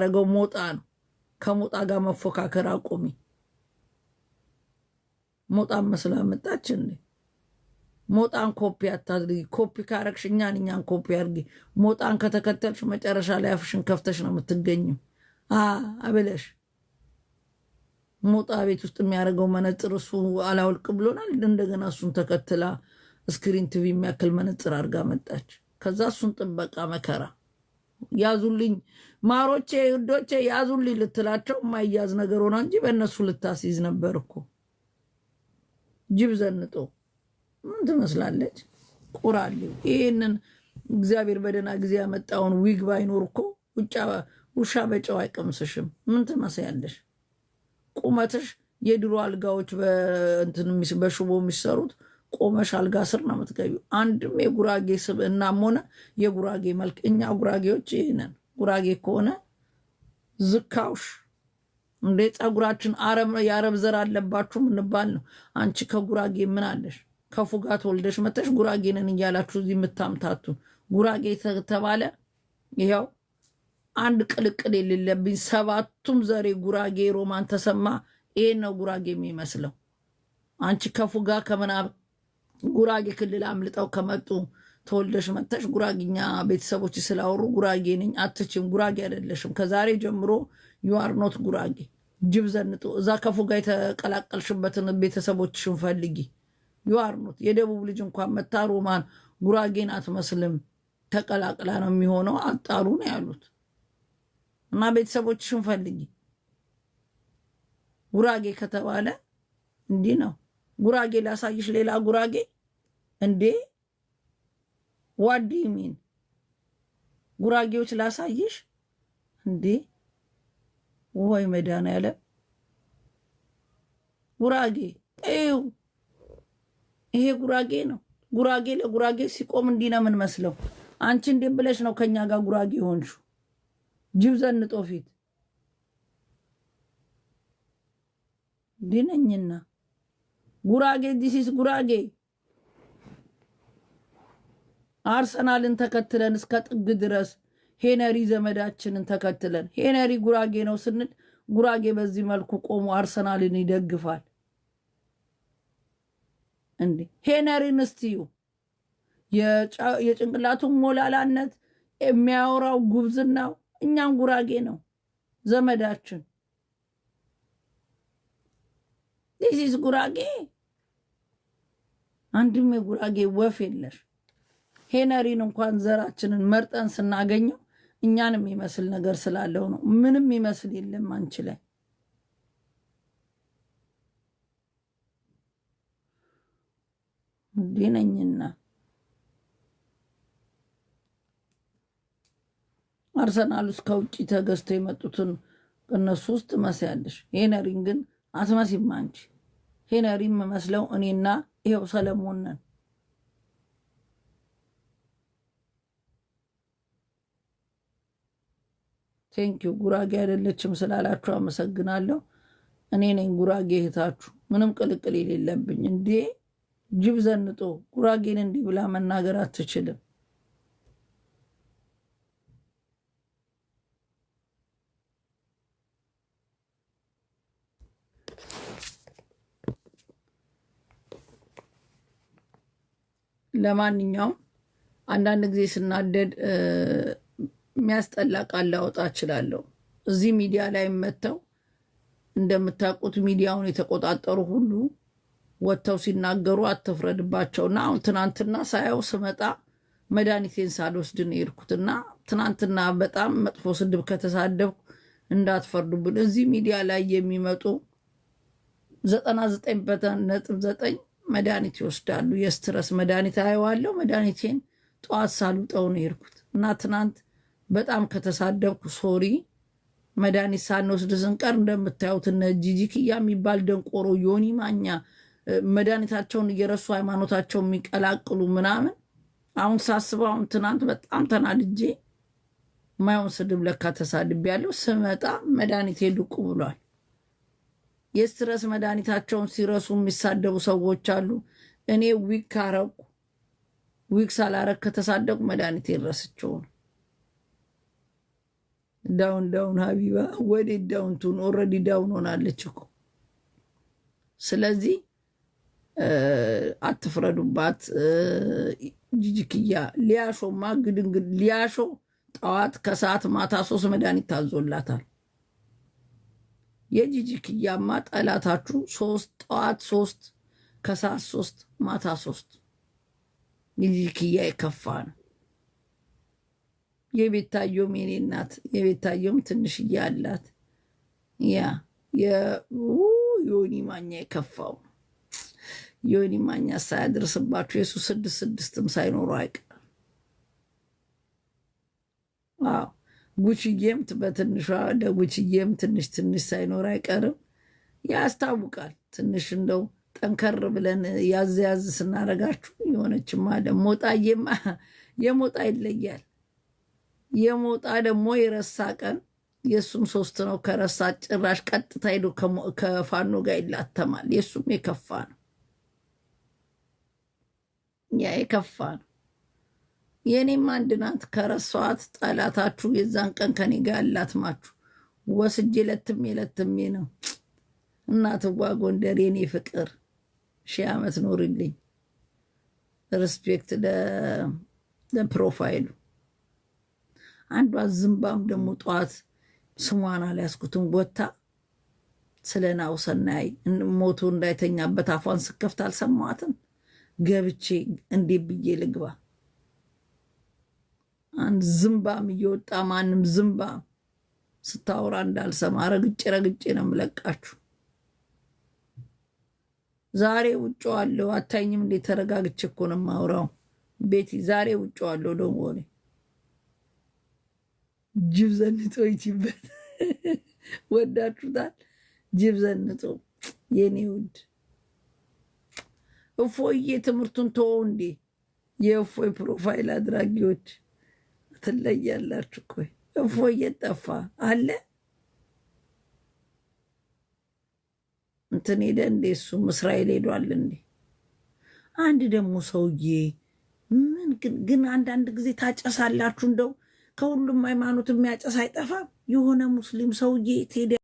ያደረገው ሞጣ ነው። ከሞጣ ጋር መፎካከር አቁሚ። ሞጣ መስላ መጣች። ሞጣን ኮፒ አታድርጊ። ኮፒ ካረግሽ እኛን እኛን ኮፒ አድርጊ። ሞጣን ከተከተልሽ መጨረሻ ላይ አፍሽን ከፍተሽ ነው የምትገኘው አብለሽ ሞጣ ቤት ውስጥ የሚያደርገው መነጽር እሱ አላውልቅ ብሎናል። እንደገና እሱን ተከትላ ስክሪን ቲቪ የሚያክል መነጽር አድርጋ መጣች። ከዛ እሱን ጥበቃ መከራ ያዙልኝ ማሮቼ ውዶቼ ያዙልኝ ልትላቸው የማይያዝ ነገር ሆነ እንጂ በእነሱ ልታስይዝ ነበር እኮ። ጅብ ዘንጦ ምን ትመስላለች ቁራሌው። ይህንን እግዚአብሔር በደህና ጊዜ ያመጣውን ዊግ ባይኖር እኮ ውሻ በጨው አይቀምስሽም። ምን ትመስያለሽ? ቁመትሽ የድሮ አልጋዎች በሽቦ የሚሰሩት ቆመሽ አልጋ ስር ነው የምትገቢው። አንድም የጉራጌ እናም ሆነ የጉራጌ መልክ እኛ ጉራጌዎች ይህንን ጉራጌ ከሆነ ዝካውሽ እንዴ ፀጉራችን የአረብ ዘር አለባችሁ ምንባል ነው። አንቺ ከጉራጌ ምን አለሽ? ከፉጋ ተወልደሽ መተሽ ጉራጌ ነን እያላችሁ እዚህ የምታምታቱ ጉራጌ ተባለ። ይኸው አንድ ቅልቅል የሌለብኝ ሰባቱም ዘሬ ጉራጌ ሮማን ተሰማ። ይሄን ነው ጉራጌ የሚመስለው። አንቺ ከፉጋ ከምናብ ጉራጌ ክልል አምልጠው ከመጡ ተወልደሽ መጥተሽ ጉራጌኛ ቤተሰቦች ስላወሩ ጉራጌ ነኝ አትችም፣ ጉራጌ አይደለሽም። ከዛሬ ጀምሮ ዩአርኖት ጉራጌ። ጅብ ዘንጦ እዛ ከፉ ጋር የተቀላቀልሽበትን ቤተሰቦችሽን ፈልጊ። ዩአርኖት ኖት የደቡብ ልጅ እንኳን መታ ሮማን ጉራጌን አትመስልም፣ ተቀላቅላ ነው የሚሆነው፣ አጣሩ ነው ያሉት። እና ቤተሰቦችሽን ፈልጊ። ጉራጌ ከተባለ እንዲህ ነው። ጉራጌ ላሳይሽ፣ ሌላ ጉራጌ እንዴ? ዋዲ ሚን ጉራጌዎች ላሳይሽ እንዴ? ወይ ያለ ጉራጌ ጤው ይሄ ጉራጌ ነው። ጉራጌ ለጉራጌ ሲቆም እንዲህ ነው የምንመስለው። አንቺ እንዴ ብለሽ ነው ከኛ ጋር ጉራጌ ሆንሹ? ጅብ ዘንጦ ፊት ድነኝና ጉራጌ ዲሲስ ጉራጌ አርሰናልን ተከትለን እስከ ጥግ ድረስ ሄነሪ ዘመዳችንን ተከትለን ሄነሪ ጉራጌ ነው ስንል ጉራጌ በዚህ መልኩ ቆሞ አርሰናልን ይደግፋል እንዴ? ሄነሪን እስትዩ የጭንቅላቱን ሞላላነት የሚያወራው ጉብዝናው እኛን ጉራጌ ነው ዘመዳችን ዲዚዝ ጉራጌ አንድም የጉራጌ ወፍ የለሽ። ሄነሪን እንኳን ዘራችንን መርጠን ስናገኘው እኛን የሚመስል ነገር ስላለው ነው። ምንም ይመስል የለም አንቺ ላይ ዲነኝና አርሰናል ውስጥ ከውጭ ተገዝተው የመጡትን እነሱ ውስጥ መስ ያለሽ ሄነሪን ግን አትመሲም አንቺ። ሄነሪ የምመስለው እኔና ይኸው ሰለሞን ነን። ቴንኪዩ ጉራጌ አይደለችም ስላላችሁ አመሰግናለሁ። እኔ ነኝ ጉራጌ እህታችሁ፣ ምንም ቅልቅል የሌለብኝ። እንዴ ጅብ ዘንጦ ጉራጌን እንዲህ ብላ መናገር አትችልም። ለማንኛውም አንዳንድ ጊዜ ስናደድ የሚያስጠላ ቃል ላወጣ እችላለሁ። እዚህ ሚዲያ ላይ መጥተው እንደምታውቁት ሚዲያውን የተቆጣጠሩ ሁሉ ወጥተው ሲናገሩ አትፍረድባቸውና አሁን ትናንትና ሳየው ስመጣ መድኃኒቴን ሳልወስድ ነው የሄድኩትና ትናንትና በጣም መጥፎ ስድብ ከተሳደብኩ እንዳትፈርዱብን። እዚህ ሚዲያ ላይ የሚመጡ ዘጠና ዘጠኝ ነጥብ ዘጠኝ መድኃኒት ይወስዳሉ። የስትረስ መድኃኒት አየዋለሁ። መድኃኒቴን ጠዋት ሳልውጠው ነው የሄድኩት እና ትናንት በጣም ከተሳደብኩ ሶሪ። መድኃኒት ሳንወስድ ስንቀር እንደምታዩት እነ ጂጂክያ የሚባል ደንቆሮ ዮኒ ማኛ መድኃኒታቸውን እየረሱ ሃይማኖታቸው የሚቀላቅሉ ምናምን። አሁን ሳስበው አሁን ትናንት በጣም ተናድጄ ማየውን ስድብ ለካ ተሳድቤያለሁ። ስመጣ መድኃኒቴ ዱቁ ብሏል። የስትረስ መድኃኒታቸውን ሲረሱ የሚሳደቡ ሰዎች አሉ። እኔ ዊግ ካረቁ ዊግ ሳላረግ ከተሳደቁ መድኃኒት የረስቸው ነው። ዳውን ዳውን ሀቢባ ወዴት ዳውንቱን ኦልሬዲ ዳውን ሆናለች እኮ። ስለዚህ አትፍረዱባት። ጅጅክያ ሊያሾማ ግድንግድ ሊያሾ ጠዋት ከሰዓት ማታ ሶስት መድኃኒት ታዞላታል። የጂጂክያማ ጠላታችሁ ሶስት ጠዋት ሶስት ከሰዓት ሶስት ማታ ሶስት የጂጂክያ የከፋ ነው። የቤታየውም የኔ እናት የቤታየውም ትንሽ አላት። ያ ዮኒ ማኛ የከፋው ዮኒ ማኛ ሳያደርስባችሁ የሱ ስድስት ስድስትም ሳይኖሩ አይቀርም። ጉችዬም በትንሿ ለጉችዬም ትንሽ ትንሽ ሳይኖር አይቀርም ያስታውቃል። ትንሽ እንደው ጠንከር ብለን ያዝ ያዝ ስናረጋችሁ የሆነችማ ሞጣዬማ የሞጣ ይለያል። የሞጣ ደግሞ የረሳ ቀን የእሱም ሶስት ነው። ከረሳ ጭራሽ ቀጥታ ሄዶ ከፋኖ ጋር ይላተማል። የእሱም የከፋ ነው። ያ የከፋ ነው። የእኔም አንድ ናት ከረሷት ጠላታችሁ የዛን ቀን ከኔ ጋር ያላትማችሁ ወስጄ ለትሜ ለትሜ ነው። እናትዋ ጎንደር የኔ ፍቅር ሺህ ዓመት ኖርልኝ። ሪስፔክት ለፕሮፋይሉ። አንዷ ዝምባም ደግሞ ጠዋት ስሟን አልያዝኩትም ቦታ ስለ ናውሰናይ ሞቶ እንዳይተኛበት አፏን ስከፍት አልሰማትም። ገብቼ እንዴ ብዬ ልግባ አንድ ዝምባም እየወጣ ማንም ዝምባም ስታወራ እንዳልሰማ ረግጬ ረግጬ ነው የምለቃችሁ። ዛሬ ውጭ ዋለሁ አታኝም እንዴ? ተረጋግቼ እኮ ነው የማውራው። ቤቲ ዛሬ ውጭ ዋለሁ ደግሞ ጅብ ዘንጦ ይችበት ወዳችሁታል። ጅብ ዘንጦ የኔ ውድ እፎዬ ትምህርቱን ተወው እንዴ የእፎይ ፕሮፋይል አድራጊዎች ትለያላችሁ። ኮይ እፎ እየጠፋ አለ እንትን ሄደ እንዴ? እሱም እስራኤል ሄዷል እንዴ? አንድ ደግሞ ሰውዬ ምን ግን አንዳንድ ጊዜ ታጨሳላችሁ። እንደው ከሁሉም ሃይማኖት የሚያጨስ አይጠፋም። የሆነ ሙስሊም ሰውዬ ሄደ